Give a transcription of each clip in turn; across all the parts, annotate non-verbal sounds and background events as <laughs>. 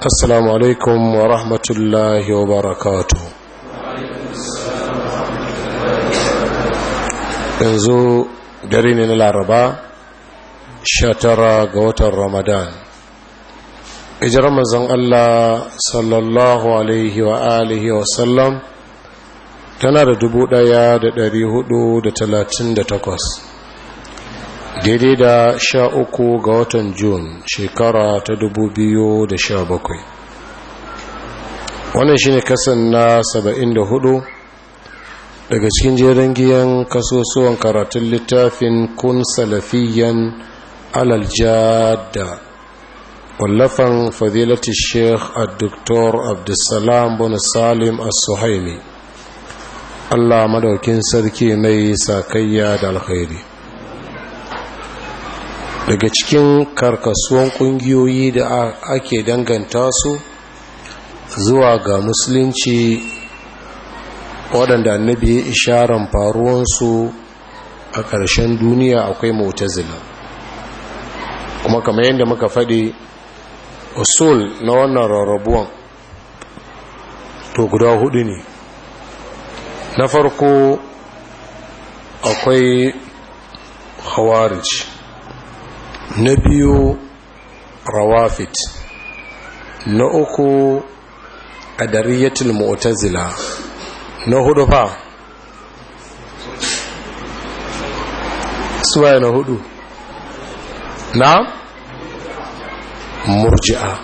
assalamu alaikum wa rahmatullahi wa barakatu yanzu dare ne na laraba shatara ga watan ramadan ijirar mazan allah sallallahu alaihi wa alihi wa sallam tana da da talatin takwas. daidai da sha uku ga watan Jun shekara ta dubu biyu da sha bakwai wannan shine kasan na saba'in da hudu daga cikin jerin giyan kasusuwan karatun littafin kun salafiyan alaljada wallafan fadilati sheikh a doktor abdulsalam bonus salim as-suhaimi allah madaukin sarki mai sakayya da alkhairi daga cikin karkasuwan kungiyoyi da ake danganta su zuwa ga musulunci waɗanda annabi ya isharan faruwansu a ƙarshen duniya akwai mutazila kuma kamar yadda muka faɗi usul na wannan rarrabuwan to guda hudu ne na farko akwai hawarici na biyu rawafit na uku a adariyatul mu'tazila na hudu fa suwaye na hudu na murji'a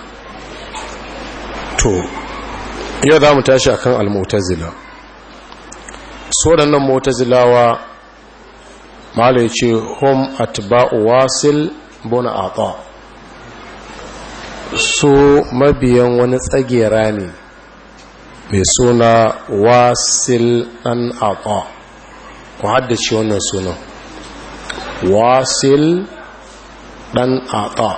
to yau za mu tashi a zila al-mu'tazila sodannan mu'tazilawa ma'ala ya ce at ba'u wasil bona ata su mabiyan wani tsagera ne mai suna wasil an ata ku haddace wannan sunan wasil dan ata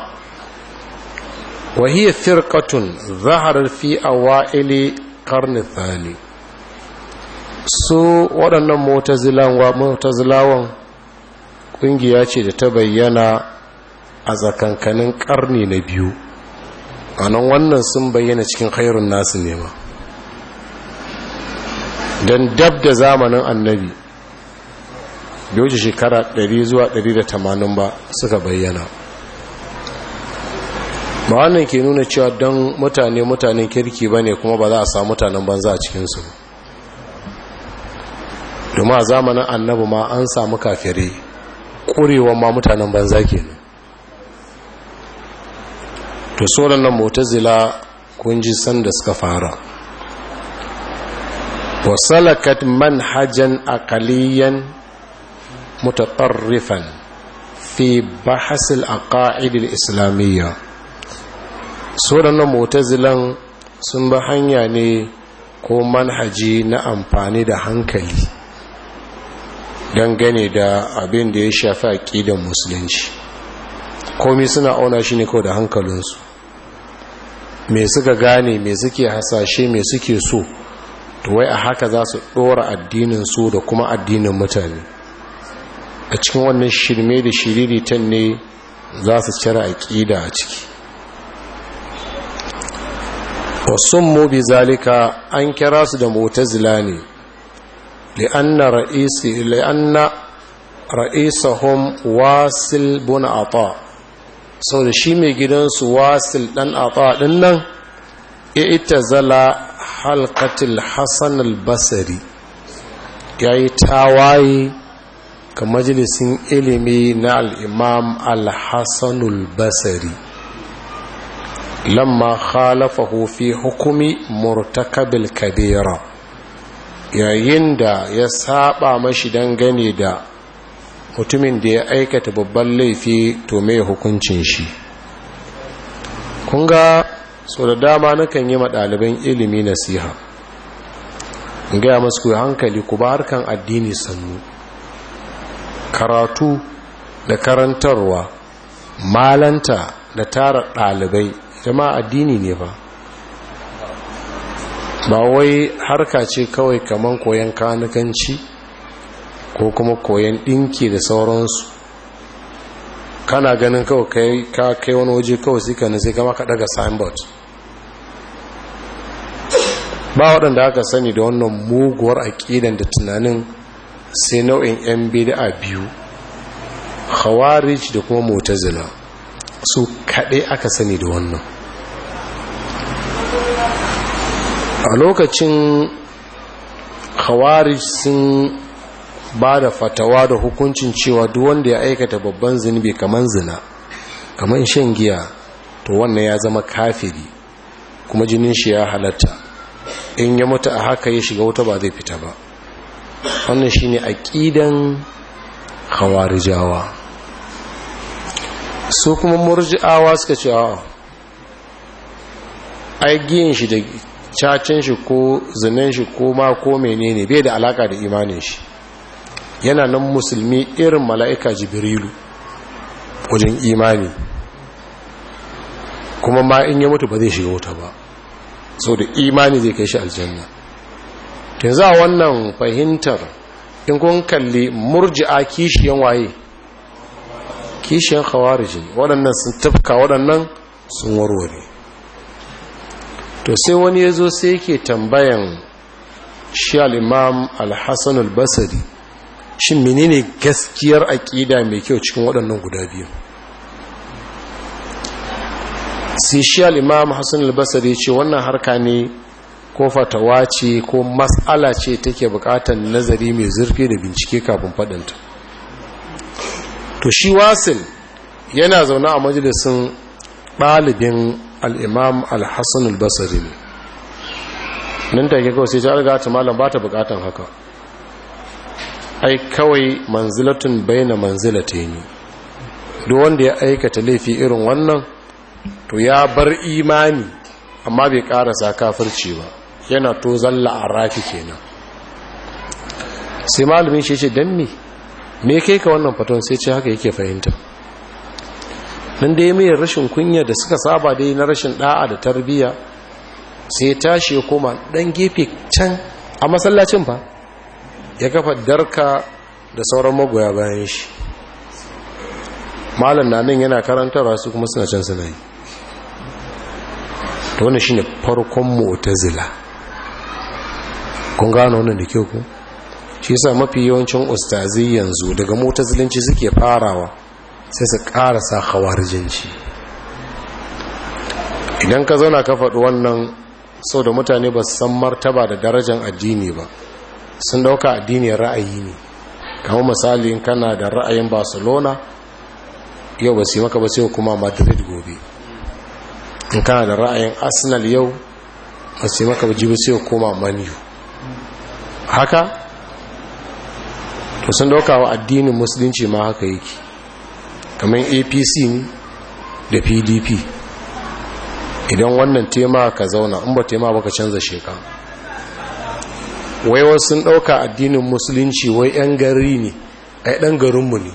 firkatun فرقة fi a wa'ili قرن الثاني su waɗannan motazilawan ƙungiya ce da ta bayyana a zakankanin karni na biyu anan wannan sun bayyana cikin khairun nasu ne ma don dab da zamanin annabi bai shekara 100 zuwa 180 ba suka bayyana ba wannan ke nuna cewa don mutane mutanen kirki ba ne kuma ba za a samu mutanen banza a cikinsu domin a zamanin annabi ma an samu kafirai ƙurewa ma mutanen banza kenan to nan mutazila kun ji sanda suka fara wasalakat manhajan aqaliyan mutatarrifan fi bahas al-aqaid al-islamiyya nan mutazilan sun ba hanya ne ko manhaji na amfani da hankali gane da abin da ya shafi aƙidan musulunci komi suna auna shi ne ko da hankalinsu me suka gane me suke hasashe mai suke so to wai a haka za su ɗora addinin su da kuma addinin mutane a cikin wannan shirme da shiriritan ne za su cire aƙida a ciki wasun mu zalika an kira su da mutazila ne li'anna ra'isi li'anna ra'isahum wasil bun ata sau da shi mai gidansu wasil ɗan a ɗin nan ya ita zala halkatil hassan albasari ya yi tawaye ga majalisin ilimi na al'imam al al-hassan albasari lamma fi hukumi murtakabil kabira yayin da ya saba mashi dangane da mutumin da ya aikata babban laifi to mai hukuncin shi kunga so da dama nakan yi ɗaliban ilimi nasiha in gaya masu hankali ku ba harkan addini sannu karatu da karantarwa malanta da tara ɗalibai jama'a addini ne ba ba wai harka ce kawai kaman koyon kanukanci ko kuma koyan ɗinki da sauransu kana ganin kawai ka kai wani waje kawai sai ka nasi kama ka daga signboard ba waɗanda aka sani da wannan muguwar aƙidan da tunanin sai nau'in 'yan bida biyu hawarici da kuma motazila su kaɗai aka sani da wannan a lokacin hawarici. sun ba da fatawa da hukuncin cewa duk wanda ya aikata babban zunubi kamar zina kamar shan giya to wannan ya zama kafiri kuma jinin shi ya halatta in ya mutu a haka ya shiga wuta ba zai fita ba wannan shi shine ƙidan hawarijawa su kuma murji'awa suka ce a giyan shi da cacin shi ko zinen shi ko ma ko menene bai da alaka da imanin shi yana nan musulmi irin mala'ika jibrilu wajen imani kuma ma in yi mutu ba zai shiga wuta ba so da imani zai kai shi aljanna tun za wannan fahimtar in kun kalli murji'a kishiyan waye kishiyan khawariji waɗannan sun tafka waɗannan sun warware to sai wani ya zo sai ke tambayan shi al'imam al-hassan al-basari shin menene gaskiyar aƙida mai kyau cikin waɗannan guda biyu sai shi al'imam hassan albasari ce wannan harka ne ko fatawa ce ko mas'ala ce take buƙatar nazari mai zurfi da bincike kafin faɗinta to shi wasil yana zaune a majalisun ɗalibin al'imam al-hassan ne nan take kawai sai ta riga ta malam ba ta buƙatar haka ai kawai manzilatun baina ne duk wanda ya aikata laifi irin wannan to ya bar imani amma bai karasa kafirci ba yana to zalla a rafi kenan sai malamin shi ce dan me kai ka wannan faton sai ce haka yake fahimta nan da ya mai rashin kunya da suka saba dai na rashin da'a da tarbiyya sai tashi ya koma dan gefe can a masallacin ba ya kafa darka da sauran magoya bayan shi malam na nan yana karantarwa su kuma suna can suna yi ta wani shi ne farkon mu'tazila kun gano wani da kyau ku shi sa mafi yawancin ustazi yanzu daga mu'tazilanci suke farawa sai su karasa jinci idan ka zauna ka faɗi wannan sau da mutane ba su san martaba da darajar addini ba sun dauka addinin ra'ayi ne kamar misali in kana da ra'ayin barcelona yau ba su maka ba sai kuma madrid gobe in kana da ra'ayin arsenal yau ba su maka ba ji ba sai kuma manu haka to sun dauka wa addinin musulunci ma haka yake kamar apc ne da pdp idan wannan tema ka zauna in ba tema ka canza shekaru wai wasu sun ɗauka addinin musulunci wai 'yan gari ne a ɗan garinmu ne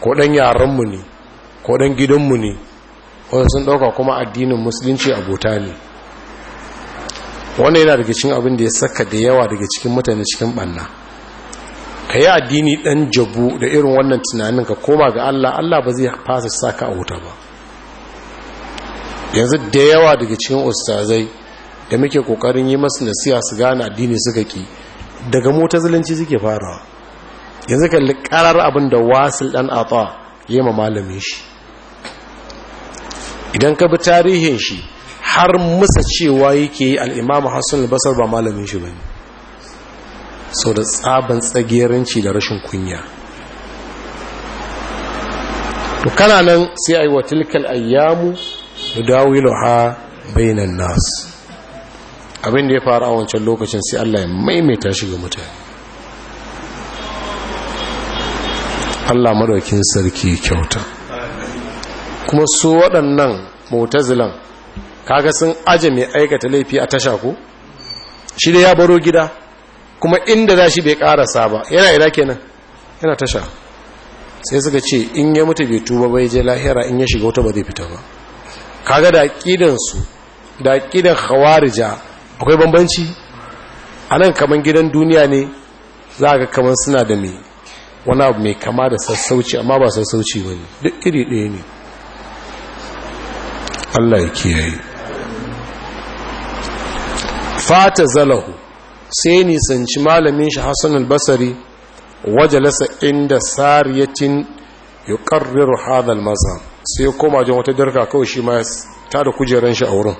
ko ɗan yaranmu ne ko ɗan gidanmu ne wasu sun ɗauka kuma addinin musulunci abota ne wannan yana daga cikin abin da ya saka da yawa daga cikin mutane cikin banna ka yi addini ɗan jabu da irin wannan tunanin ka koma ga allah allah ba zai fasa saka a wuta ba yanzu da yawa daga cikin ustazai da muke kokarin yi masu nasiya su gane addini suka ki daga mota mutazilanci suke farawa yanzu kalli karar abin da wasil dan ata yi ma malamin shi idan ka bi tarihin shi har musa cewa yake yi al'imamu hassan albasar ba malamin shi ba ne sau da tsaban tsageranci da rashin kunya to kana nan sai a yi wa tilkal ayyamu da dawilu ha bainan nasu abin da ya faru a wancan lokacin sai Allah ya maimaita shi ga mutane Allah madaukin sarki kyauta kuma su waɗannan motazilan kaga sun aje mai aikata laifi a tasha ko shi da ya baro gida kuma inda za shi bai karasa ba yana ina kenan yana tasha sai suka ce in ya mutu bai tuba bai je lahira in ya shiga wata ba zai fita ba kaga da ƙidansu su da aqidan khawarija akwai bambanci a nan kamar gidan duniya ne za ga kamar suna da mai wani abu mai kama da sassauci amma ba sassauci ba duk iri ɗaya ne allah ya kiyaye fata zalahu sai nisanci malamin shi hassan albasari wajalasa inda sariyatin ya ƙarriru hadal maza sai koma jan wata darka kawai shi ma ta da kujeran shi a wurin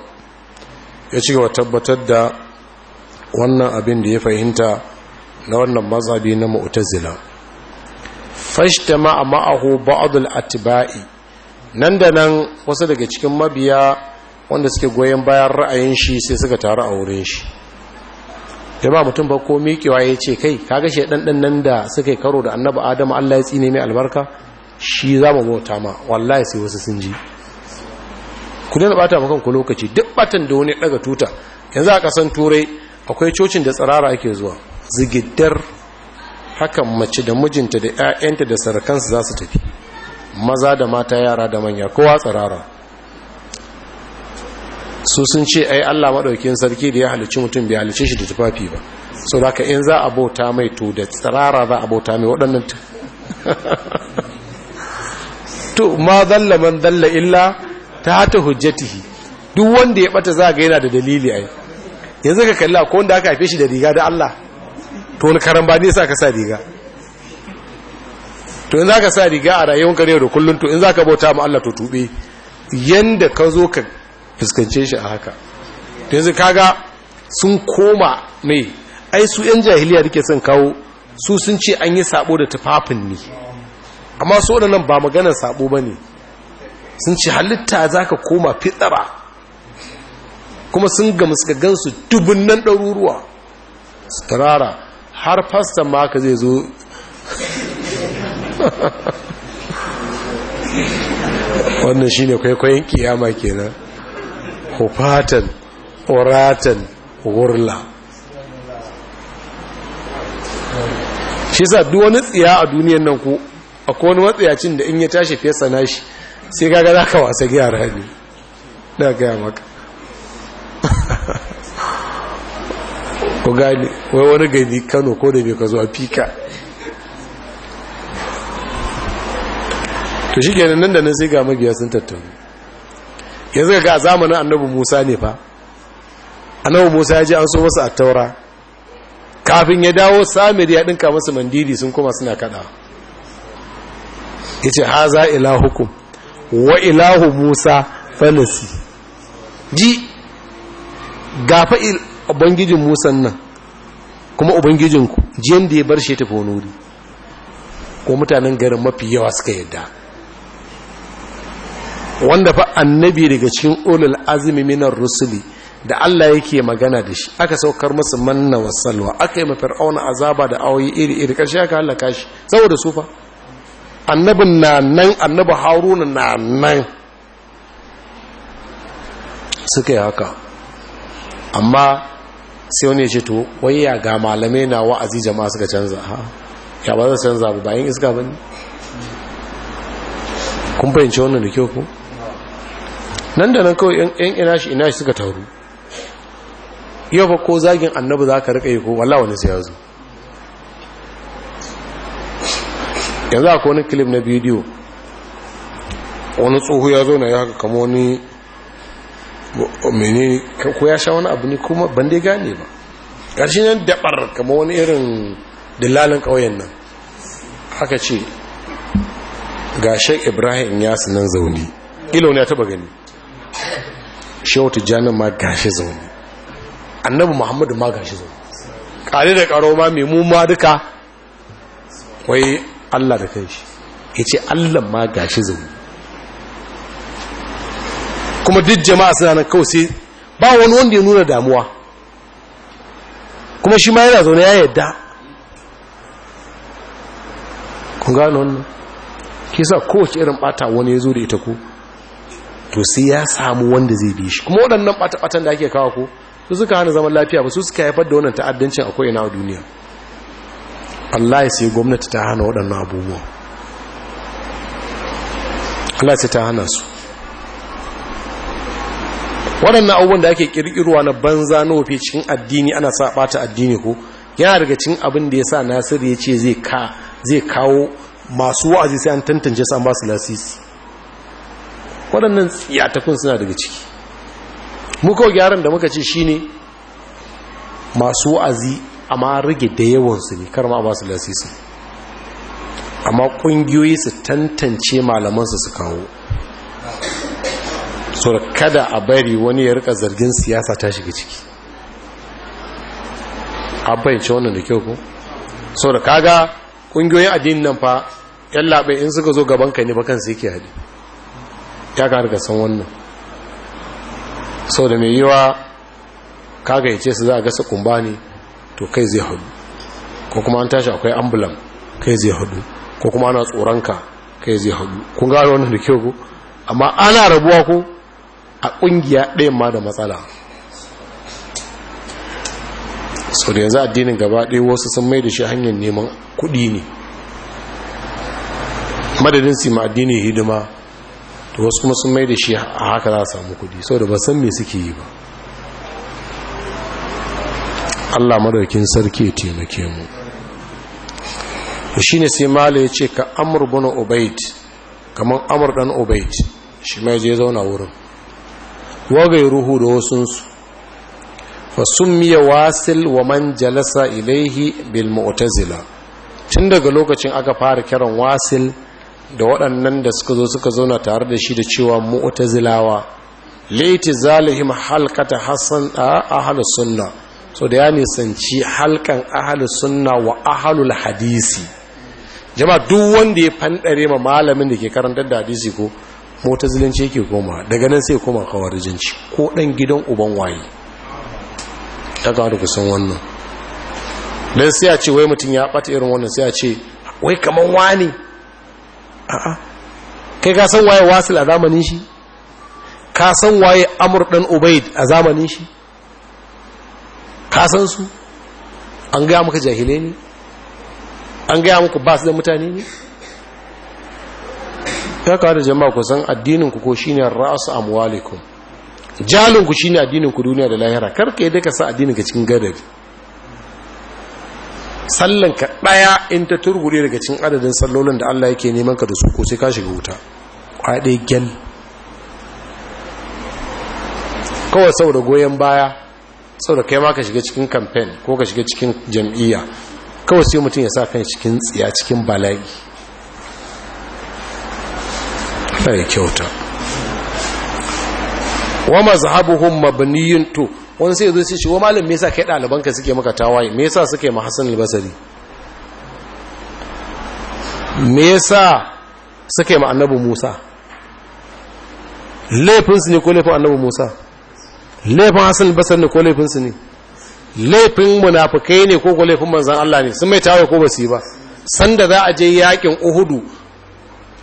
ya ci gaba tabbatar da wannan abin da ya fahimta na wannan mazabi na mu'tazila fashtama ma'ahu ba'd al nan da nan wasu daga cikin mabiya wanda suke goyon bayan ra'ayin shi sai suka taru a wurin shi ba mutum ba ko mikewa ya ce kai kaga shi ɗanɗan nan da suka karo da annabi adamu Allah ya tsine mai albarka shi za mu mota ma wallahi sai wasu sun ji ku dena bata maka kanku lokaci duk batan da wani daga tuta yanzu a kasan turai akwai cocin da tsarara ake zuwa zigiddar hakan mace da mijinta da 'ya'yanta da sarakansu za su tafi maza da mata yara da manya kowa tsarara. su sun ce ai Allah maɗaukin sarki da ya halicci mutum bai halicce shi da tufafi ba so da ka in za a bauta mai to da tsarara za a bauta mai waɗannan <laughs> to ma zalla man zalla illa ta hata hujjatihi duk wanda ya bata za ga yana da dalili ai yanzu ka kalla ko wanda aka haife shi da riga da Allah to wani karan ba ne sa ka sa riga to in zaka sa riga a rayuwar ne da kullun to in zaka bauta ma Allah to tube yanda ka zo ka fuskance shi a haka to yanzu kaga sun koma ne ai su yan jahiliya dake son kawo su sun ce an yi sabo da tufafin ne amma su nan ba maganar sabo bane sun ce halitta za ka koma fitsara kuma sun ga gansu dubunnan ɗaruruwa tarara har fasta ma ka zai zo <laughs> wannan shi ne kwaikwayon kiyama kenan hufatan oratan wurla shi sa duwani wani tsiya a duniyan nan ko akwai wani matsayacin da in ya tashi fesa nashi sai kaga za ka wasa gyara ne da gaya maka ku gani wai wani gani kano ko da mai ka zuwa fika to shi kenan nan da nan sai ga mabiya sun tattauni yanzu ga zamanin annabu musa ne fa annabu musa ya ji an so wasu a taura kafin ya dawo samir ya dinka masu mandiri sun kuma suna kada ya ce haza ila hukum wa ilahu musa falasi ji gafa ubangijin musan nan kuma ubangijinku jiyan da ya bar shi tafi wani wuri ko mutanen garin mafi yawa suka yadda wanda fa annabi daga cikin ulul azumi minar rusuli da Allah yake magana da shi aka saukar masu manna wasalwa aka yi ma fir'auna azaba da awoyi iri iri ƙarshe aka halaka shi saboda sufa annabin na nan annabi haruna na nan suka yi haka amma sai wani ya ce to wayya ga malamai na wa'azi jama'a suka canza ha ya ba za canza ba bayan iska ba ne kun fahimci wannan da kyau ku nan da nan kawai yan ina shi ina shi suka taru yau ba ko zagin annabi za ka riƙa yi ko wallawa wani sai ya zo yanzu a wani kilim na bidiyo wani tsohu ya zo na ya haka kama wani mene ko ya sha wani abu ne kuma ban gane ba ƙarshen yan dabar kama wani irin dillalin ƙauyen nan haka ce ga shek ibrahim ya nan zaune ilo ne ya taba gani shehu tijjanin ma gashi zaune annabu muhammadu ma gashi zaune ƙari da ƙaro ma mai ma duka wai Allah da kanshi ya ce Allah ma ga shi zaune kuma duk jama'a suna nan kawai sai ba wani wanda ya nuna damuwa kuma shi ma yana zaune ya yadda kun gano wannan ke sa kowace irin bata wani ya zo da ita ko to sai ya samu wanda zai bi shi kuma waɗannan bata-batan da ake kawo ko su suka hana zaman lafiya ba su suka haifar da wannan ta'addancin akwai ina a duniya Allah ya sai gwamnati ta hana waɗannan abubuwa Allah sai ta hana su waɗannan abubuwan da ake ƙirƙirwa na banza na wafe cikin addini ana sa ɓata addini ko yana daga cikin abin da ya sa nasiru ya ce zai kawo masu wa'azi sai an tantance su an ba su lasisi waɗannan tsiyatakun suna daga ciki muka gyaran da muka ce shine masu wa'azi amma rage da yawansu ne kar ma ba su lasisi amma kungiyoyi su tantance malamansu su kawo so kada a bari wani ya rika zargin siyasa ta shiga ciki a bayyance wannan da kyau ko so da kaga ƙungiyoyin addinin nan fa yan labai in suka zo gaban ka ne ba kansu yake hadi ya ka harka san wannan so da mai yiwa kaga ya su za a gasa kumba ne to kai zai hudu ko kuma an tashi akwai ambulan kai zai hadu ko kuma ana tsoronka kai zai hadu kun gano wannan da kyau ku amma ana rabuwa ko a kungiya ɗayan ma da matsala sau da yanzu addinin gaba ɗaya wasu sun mai da shi hanyar neman kuɗi ne madadin su ma addinin hidima to wasu kuma sun mai da shi a haka za a samu kuɗi sau da ba san me suke yi ba Allah madaukin sarki ya taimake mu shine sai mala ya ce ka amur bin obaid kamar amur dan obaid shi mai je zauna wurin wa ruhu da wasunsu miya wasil wa man jalasa ilaihi bil mu'tazila tun daga lokacin aka fara kiran wasil da waɗannan da suka zo suka zauna tare da shi da cewa mu'tazilawa laiti zalihim halkata hasan a ahlus so da ya nisanci halkan ahalus sunna wa ahalul hadisi jama duk wanda ya fanɗare ma malamin da ke karantar da hadisi ko motazilanci yake koma daga nan sai koma kawarijinci ko ɗan gidan uban waye ta gano kusan wannan don sai a ce wai mutum ya ɓata irin wannan sai a ce wai kamar wani a'a kai ka san waye wasil a zamanin shi ka san waye amur ɗan ubaid a zamanin shi ka san su an gaya maka jahilai ne an gaya maka ba su da mutane ne Ya kawo da jama'a ku addininku ko shi ne ra'asu amwalikum jalinku shi ne addininku duniya da lahira karka yadda ka sa addininka cikin gadari ka ɗaya in ta turgure daga cin adadin sallolin da allah yake neman ka da su ko sai ka shiga wuta kwaɗe gyal kawai saboda goyon baya saboda kai ma ka shiga cikin campaign ko ka shiga cikin jam'iyya kawai sai mutum ya sa kan cikin tsiya cikin bala'i ya kyauta wa mazhabuhum mabniyun to wani sai zo sai wa malam me yasa kai ka suke maka tawaye me yasa suke ma Hassan albasari basri me yasa suka ma annabi musa laifinsu ne ko laifin annabi musa laifin hasan basar ne ko su ne laifin munafukai ne ko ko laifin manzan Allah ne sun mai tawaye ko basu yi ba sanda za a je yakin uhudu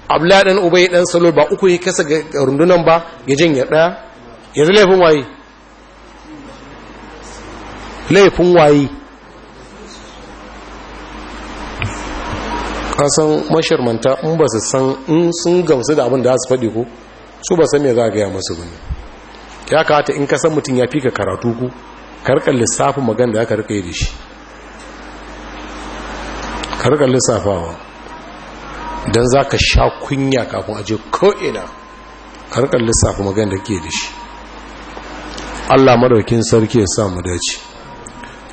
abdullahi dan dan salo ba uku yi kasa ga rundunan ba ya janye daya yanzu laifin waye laifin waye kasan mashirmanta in ba su san in sun gamsu da abin da za su faɗi ko su ba san me za a gaya masu gani ya kawata in kasan mutum ya fi ka karatu ku karkar lissafin magana da aka yi da shi karkar lissafawa don za ka sha kunya kafin aje ko'ina karkar lissafin magana da ke da shi allah maraukin sarki ya samu dace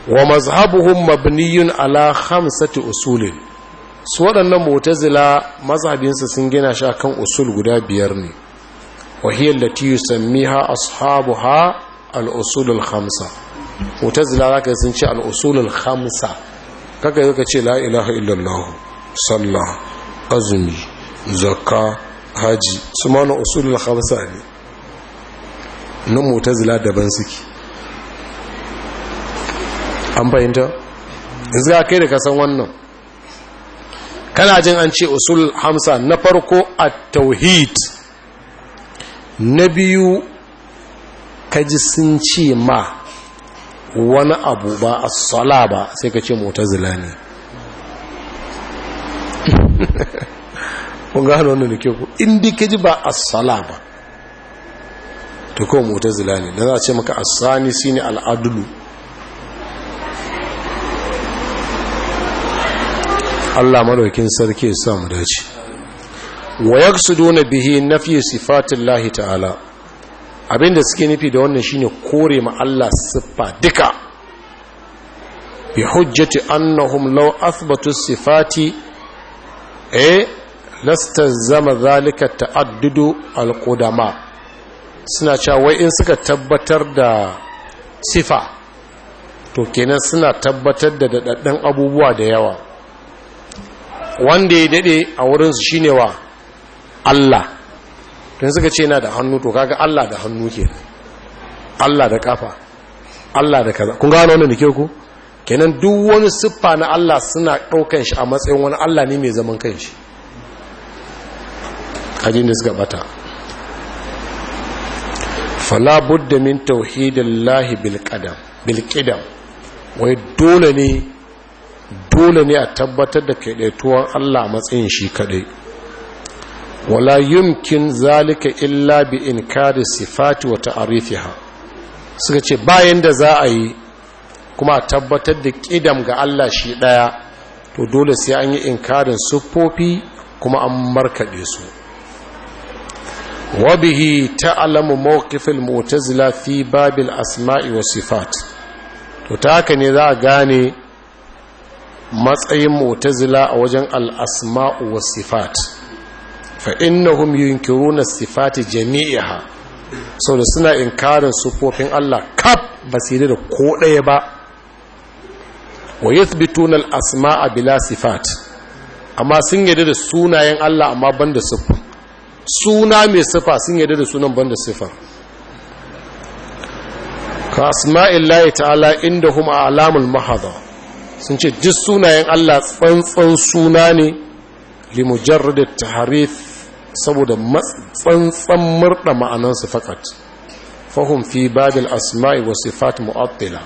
wa mazhabuhum mabniyun ala khamsati usulin su waɗannan mutazila mazhabinsu sun gina shi akan usul guda biyar ne وهي التي يسميها أصحابها الأصول الخمسة متزلة لك سنشاء الأصول الخمسة كذا يكتشي لا إله إلا الله صلى أزمي زكاة haji su mana usulul khamsa ne nan mutazila daban suke an fahimta izga kai da kasan wannan kana jin an ce usul hamsa na farko a tauhid na biyu kaji sun ce ma wani abu ba a sala ba sai ka ce zila ne ƙunga <laughs> hannu wannan da ke ku indi kaji ba a sala ba kowa mota zila ne da za a ce maka asani ne al'adulu Allah madaukin sarki ya samu dace wa yaksuduna bihi nafi sifatillahi ta'ala abinda suke nufi da wannan shine kore ma Allah siffa duka bi hujjati annahum law athbatu sifati eh lastazama zalika ta'addudu alqudama suna cewa wai in suka tabbatar da sifa to kenan suna tabbatar da dadaddan abubuwa da yawa wanda ya dade a wurin su shine wa Allah tun suka ce na da hannu to kaga Allah da hannu ke Allah da kafa Allah da kaza kun gano wannan da ke ku kenan duk wani siffa na Allah suna ɗaukan shi a matsayin wani Allah ne mai zaman kanshi kajin da suka bata fala budda min tauhidillahi bil qadam bil qidam wai dole ne dole ne a tabbatar da kaidaituwan Allah a matsayin shi kadai wala yumkin zalika illa bi inkari sifati wa ta'rifiha suka ce bayan da za a yi kuma tabbatar da kidam ga Allah shi ɗaya to dole sai an yi inkarin siffofi kuma an markaɗe su Wabihi ta alamu mawqif al-mu'tazila fi bab al-asma'i wa sifat to ta haka ne za a gane matsayin mu'tazila a wajen al-asma'u was sifat fa innahum yunkiruna sifati jami'iha saboda suna inkarin sufofin Allah kaf basire da ko ɗaya ba wa yathbituna al-asma'a bila sifat amma sun yarda da sunayen Allah amma banda siffa suna mai siffa sun yarda da sunan banda siffa ka asma'illahi ta'ala inda indahum a'lamul mahadha sun ce duk sunayen Allah tsantsan suna ne limujarradit tahrif saboda matsantsan murda ma'anansu fakat fahim fi babin asma'i wa sifat mu'attila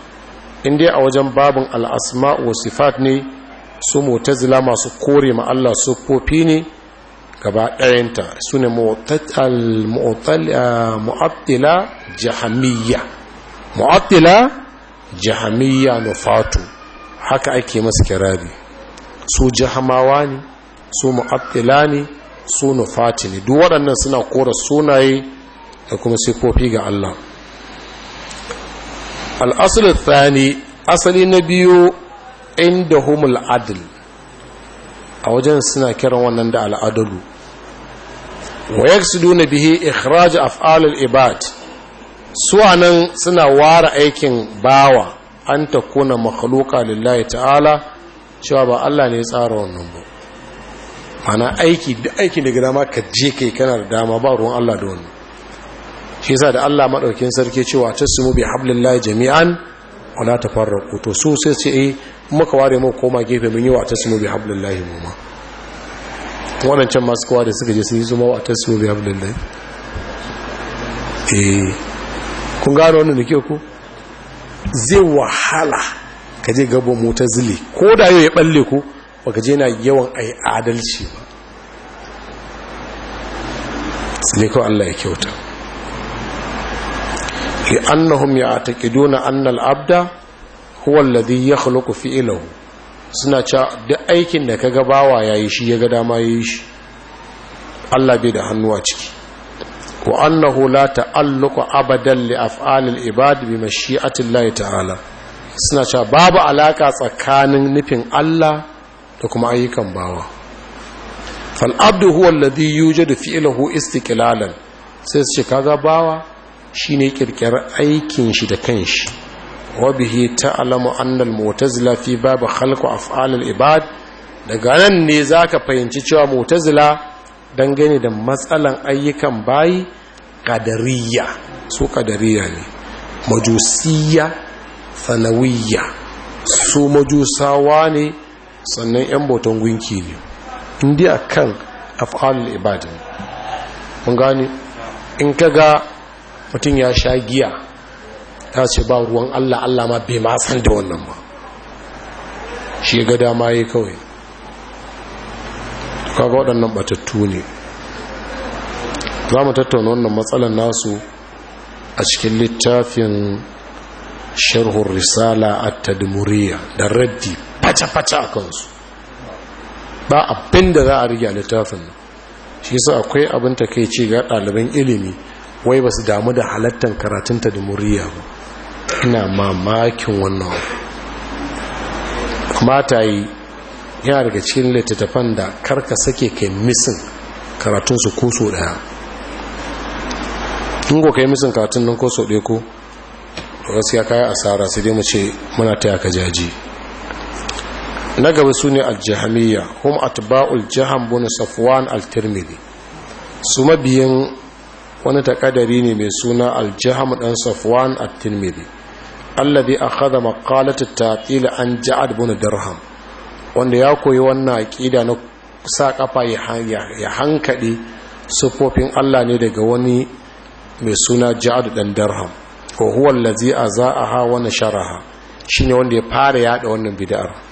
inda a wajen babin Al'asma'i wa sifat ne su mutazila masu kore ma Allah kofi ne gaba ɗayanta su ne mu'attila jahamiyya mu'attila jahamiyya nufatu haka ake masu kirari su jahamawa ne su mu'attila ne su nufati ne duk waɗannan suna kora sunaye da kuma sifofi ga Allah al'asirin tsani asali na biyu inda humul adil a wajen suna kiran wannan da al'adalu wa ya su duna bihe ikhraj af'alul ibad suwanan suna ware aikin bawa an ta kuna makhluka lillahi ta'ala cewa ba Allah ne ya tsara wannan ba ana aiki da aikin daga dama ka je ke kana da dama ba ruwan Allah da wani shi sa da Allah maɗaukin sarki cewa tasmu bi layi jami'an wala fara kuto su sai ce eh muka ware mu koma gefe mun yi wa tasmu bi hablillahi mu ma wadancan masu kowa da suka je sun yi zuma wa tasmu bi hablillahi eh kun gano wannan da ke ku zai wahala ka je gabo motar zile ko da yau ya balle ku baka je na yawan yi adalci ba sai kawai Allah ya kyauta li annahum ya'taqiduna anna al-abda huwa alladhi yakhluqu fi'lahu suna cewa duk aikin da kaga bawa yayi shi ya ga dama yayi shi Allah bai da hannu a ciki wa annahu la ta'alluqa abadan li af'alil ibad bi mashi'ati Allah ta'ala suna cewa babu alaka tsakanin nufin Allah da kuma ayyukan bawa fal'abdu huwa alladhi yujadu fi'luhu istiqlalan sai su ce kaga bawa shine kirkirar aikin shi da kanshi wa bihi ta'lamu anna al-mu'tazila fi bab khalq af'al al-ibad daga nan ne zaka fahimci cewa mu'tazila dangane da matsalan ayyukan bayi qadariyya su qadariyya ne majusiyya sanawiyya su majusawa ne sannan 'yan bautan gunki ne indi a kan af'alul ibadin mun gani in ka ga mutum ya sha giya ta ce ba ruwan allah allah ma bai san da wannan ba shi ga dama ya kawai kaga waɗannan batattu ne za mu tattauna wannan matsalar nasu a cikin littafin sharhun risala at-tadmuriyya da raddi faca-faca a kansu ba abin da za a rige a littafin shi su akwai abin ta kai ce ga ɗaliban ilimi wai ba su damu da halattar karatunta da muriya ba ina mamakin wannan mata yi yana daga cikin littattafan da karka sake kai misin karatunsu ko so ɗaya in ko kai misin karatun nan ko so ɗaya ko gaskiya kaya asara sai dai mu ce muna taya ka jaji na gaba su ne aljihamiya hum atba'ul jiham bin safwan al-tirmidhi su mabiyin wani takadari ne mai suna aljiham dan safwan al-tirmidhi alladhi akhadha maqalat at-taqil an ja'ad bin dirham wanda ya koyi wannan aqida na sa kafa ya hankali sufofin Allah ne daga wani mai suna ja'ad dan dirham ko huwa allazi azaaha wa nasharaha shine wanda ya fara yada wannan bid'ah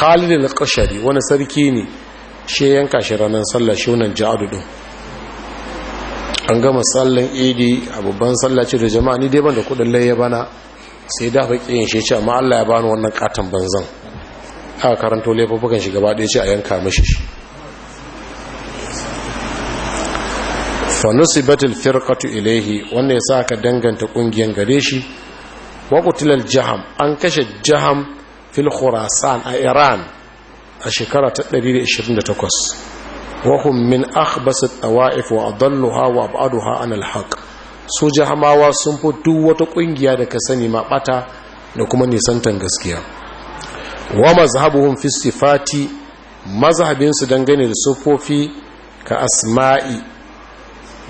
khalid al-qashari wani sarki ne she yanka shi ranar sallah shi wannan ja'adu din an gama sallan idi a babban sallah ce da jama'a ni dai ban da kudin laye bana sai da faƙi shi ce amma Allah ya bani wannan katon banzan aka karanto laifukan shi gaba ɗaya ce a yanka mashi shi batil firkatu ilaihi wanda sa ka danganta ƙungiyar gare shi wa qutilal jaham an kashe jaham fil khurasan a iran a shekara ta 128 wahum min akhbas tawaif wa adalluha wa abaduha an alhaq su jahamawa sun fi duk wata kungiya da ka sani ma bata da kuma nisantan gaskiya wa mazhabuhum fi sifati mazhabinsu dangane da sufofi ka asma'i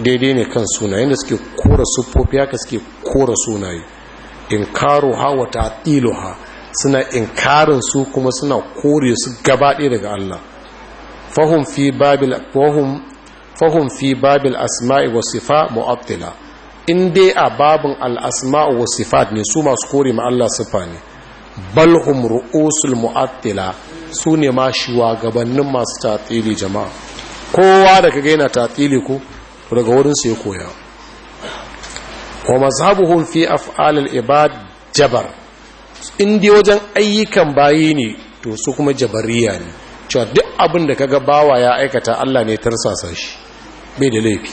daidai ne kan sunayen da suke kora sufofi haka suke kora sunaye in karo hawa wa ta'ilu ha suna inkarin su kuma suna kore su gabaɗe daga Allah fahun fi babil asma'i wa sifa mu'abdila. in dai a babin alasma'u wa sifat ne su masu kore ma Allah sifa ne bal ru'usul mu'abdila. su ne ma gabanin masu tatili jama'a kowa da ka gaina tatili ku daga wurin sai koya wa mazhabuhum fi af'al al ibad jabar in dai wajen ayyukan bayi ne to su kuma jabariya ne cewa duk abin da kaga bawa ya aikata Allah ne tarsasa shi bai da laifi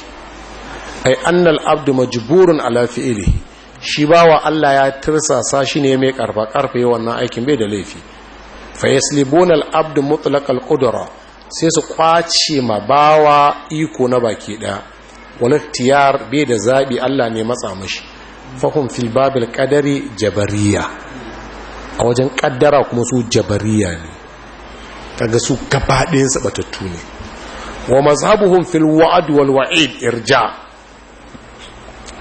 ai annal abdu majburun ala fi'lihi shi bawa Allah ya tarsasa shi ne mai karfa karfe wannan aikin bai da laifi fa yaslibuna al abdu mutlaq al qudra sai su kwace ma bawa iko na baki ɗaya. wani tiyar bai da zaɓi Allah ne matsa mashi fahim fil babil ƙadari jabariya a wajen kaddara kuma su jabariya ne kaga su gabaɗayan sabatattu ne wa mazhabuhum fil wa'd wal wa'id irja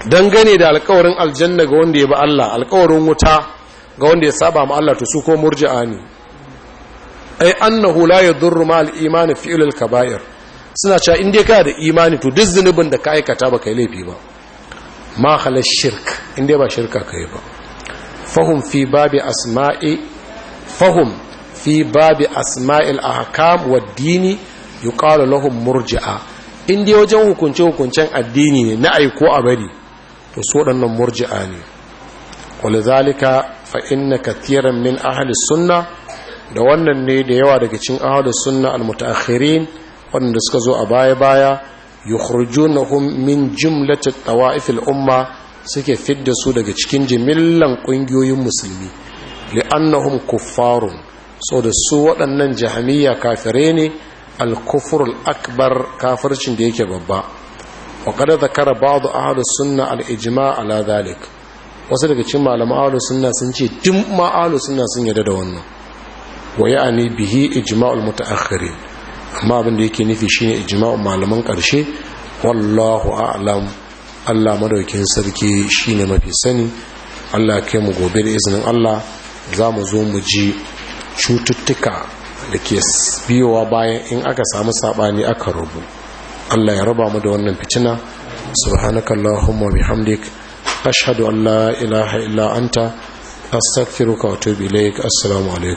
dangane da alkawarin aljanna ga wanda ya bi Allah alkawarin wuta ga wanda ya saba ma Allah to su ko murji'a ne ai annahu la yadurru ma al iman fi al kaba'ir suna cewa in dai ka da imani to duk zunubin da ka aikata ba kai laifi ba ma khala shirk in dai ba shirka kai ba fahum fi babi asma'i fahum fi asma'il ahkam wa dini yuqalu lahum murji'a in dai wajen hukunce hukuncen addini ne na aiko a bari to waɗannan murji'a ne walzalika fa inna kathiran min ahli sunna da wannan ne da yawa daga cikin ahli sunna almutaakhirin waɗanda suka zo a baya baya yukhrijunahum min jumlati tawaif al-umma suke fidda su daga cikin jimillan ƙungiyoyin musulmi li'annahum kuffarun so da su waɗannan jahamiya kafire ne al kufur al akbar kafircin da yake babba wa kada zakara ba'du ahlus sunna al-ijma' ala dhalik wasu daga cikin malaman ahlus sunna sun ce duk ma ahlu sunna sun yarda da wannan wa ya'ani bihi ijma'ul mutaakhirin amma abin da yake nufi shine ijma'u malaman ƙarshe wallahu a'lam Allah madaukin sarki shine mafi sani Allah kai mu gobe da izinin Allah za mu zo mu ji cututtuka da ke biyowa bayan in aka samu sabani aka rubu Allah ya raba mu da wannan fitina subhanakallahumma bihamdik ashhadu an la ilaha illa anta astaghfiruka wa atubu ilaik assalamu alaikum